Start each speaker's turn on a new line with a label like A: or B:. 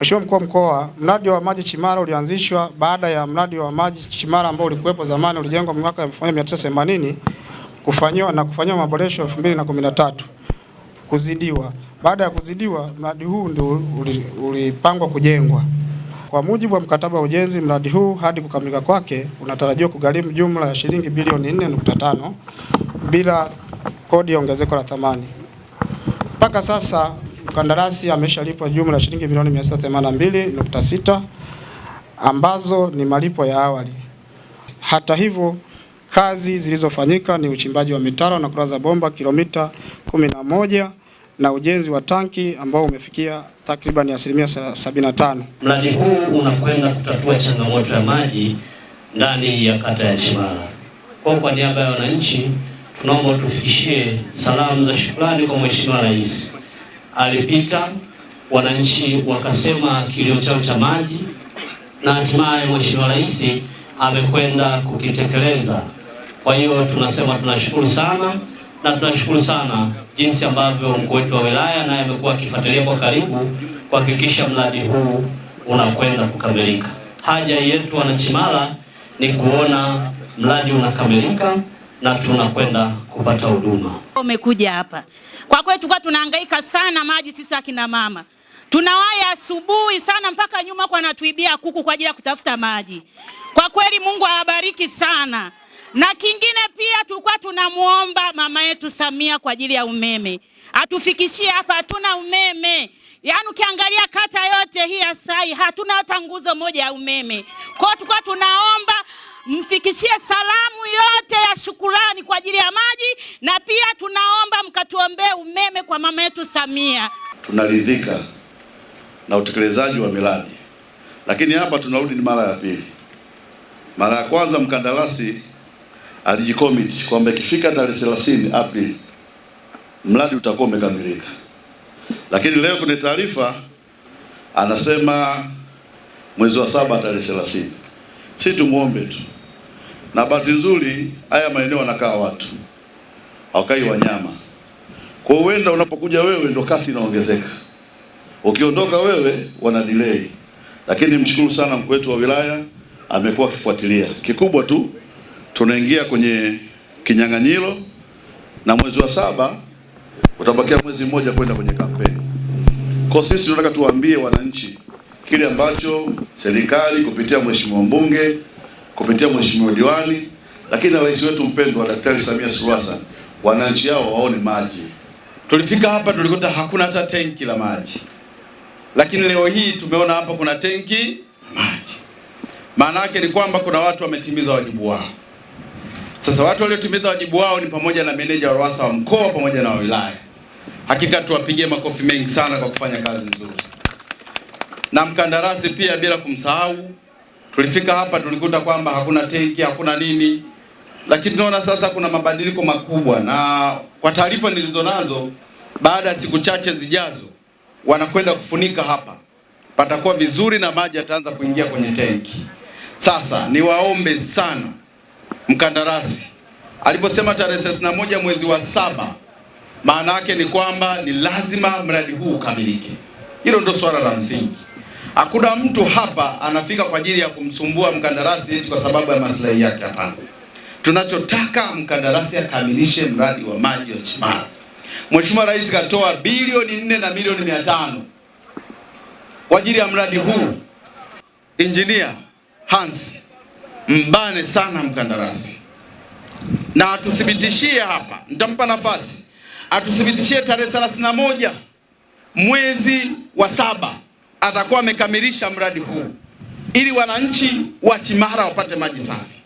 A: Mheshimiwa Mkuu wa Mkoa, mradi wa maji Chimala ulianzishwa baada ya mradi wa maji Chimala ambao ulikuwepo zamani ulijengwa mwaka 1980 kufanywa na kufanyiwa maboresho 2013 kuzidiwa. Baada ya kuzidiwa, mradi huu ndio ulipangwa kujengwa. Kwa mujibu wa mkataba wa ujenzi, mradi huu hadi kukamilika kwake unatarajiwa kugharimu jumla ya shilingi bilioni 4.5 bila kodi ya ongezeko la thamani. Mpaka sasa mkandarasi ameshalipwa jumla ya shilingi milioni 182.6 ambazo ni malipo ya awali. Hata hivyo, kazi zilizofanyika ni uchimbaji wa mitaro na kuraza bomba kilomita 11 na ujenzi wa tanki ambao umefikia takriban asilimia 75.
B: Mradi huu unakwenda kutatua changamoto ya maji ndani ya kata ya Chimala. Kwa kwa niaba ya wananchi, tunaomba tufikishie salamu za shukrani kwa Mheshimiwa Rais alipita, wananchi wakasema kilio chao cha maji, na hatimaye Mheshimiwa Rais amekwenda kukitekeleza. Kwa hiyo tunasema tunashukuru sana na tunashukuru sana jinsi ambavyo mkuu wetu wa wilaya naye amekuwa akifuatilia kwa karibu kuhakikisha mradi huu unakwenda kukamilika. Haja yetu wanachimala ni kuona mradi unakamilika na tunakwenda kupata huduma.
C: Umekuja hapa kwa kweli, tulikuwa tunahangaika sana maji sisi akina mama tunawaya asubuhi sana mpaka nyuma kwa natuibia kuku kwa ajili ya kutafuta maji. Kwa kweli Mungu awabariki sana. Na kingine pia tulikuwa tunamuomba mama yetu Samia kwa ajili ya umeme atufikishie hapa, hatuna umeme. Yaani ukiangalia kata yote hii ya Sai hatuna hata nguzo moja ya umeme, kwa hiyo tulikuwa tunaomba mfikishie salamu yote ya shukurani kwa ajili ya maji, na pia tunaomba mkatuombee umeme kwa mama yetu Samia.
D: Tunaridhika na utekelezaji wa miradi, lakini hapa tunarudi ni mara ya pili. Mara ya kwanza mkandarasi alijikomit kwamba ikifika tarehe 30 Aprili mradi utakuwa umekamilika, lakini leo kuna taarifa anasema mwezi wa saba tarehe 30. Si tumuombe tu na bahati nzuri haya maeneo wanakaa watu, hawakai wanyama. Kwa huenda unapokuja wewe ndo kasi inaongezeka, ukiondoka wewe wana delay. Lakini mshukuru sana mkuu wetu wa wilaya amekuwa akifuatilia. Kikubwa tu tunaingia kwenye kinyang'anyiro, na mwezi wa saba utabakia mwezi mmoja kwenda kwenye kampeni. Kwa sisi tunataka tuwaambie wananchi kile ambacho serikali kupitia mheshimiwa mbunge kupitia mheshimiwa diwani, lakini na rais wetu mpendwa Daktari Samia Suluhu Hassan, wananchi hao waone maji.
A: Tulifika hapa tulikuta hakuna hata tenki la maji, lakini leo hii tumeona hapa kuna tenki la maji. Maana yake ni kwamba kuna watu wametimiza wajibu wao. Sasa watu waliotimiza wajibu wao ni pamoja na meneja wa RUWASA wa mkoa pamoja na wa wilaya. Hakika tuwapigie makofi mengi sana kwa kufanya kazi nzuri, na mkandarasi pia bila kumsahau Tulifika hapa tulikuta kwamba hakuna tenki, hakuna nini, lakini tunaona sasa kuna mabadiliko makubwa, na kwa taarifa nilizonazo, baada ya siku chache zijazo wanakwenda kufunika hapa, patakuwa vizuri na maji yataanza kuingia kwenye tenki. Sasa niwaombe sana mkandarasi aliposema tarehe thelathini na moja mwezi wa saba, maana yake ni kwamba ni lazima mradi huu ukamilike. Hilo ndio swala la msingi. Hakuna mtu hapa anafika kwa ajili ya kumsumbua mkandarasi kwa sababu ya maslahi yake, hapana. Tunachotaka mkandarasi akamilishe mradi wa maji wa Chimala. Mheshimiwa Rais katoa bilioni nne na milioni mia tano kwa ajili ya mradi huu. Injinia Hans, mbane sana mkandarasi, na atuthibitishie hapa, nitampa nafasi atuthibitishie tarehe 31 mwezi wa saba atakuwa amekamilisha mradi huu ili wananchi wa Chimara wapate maji safi.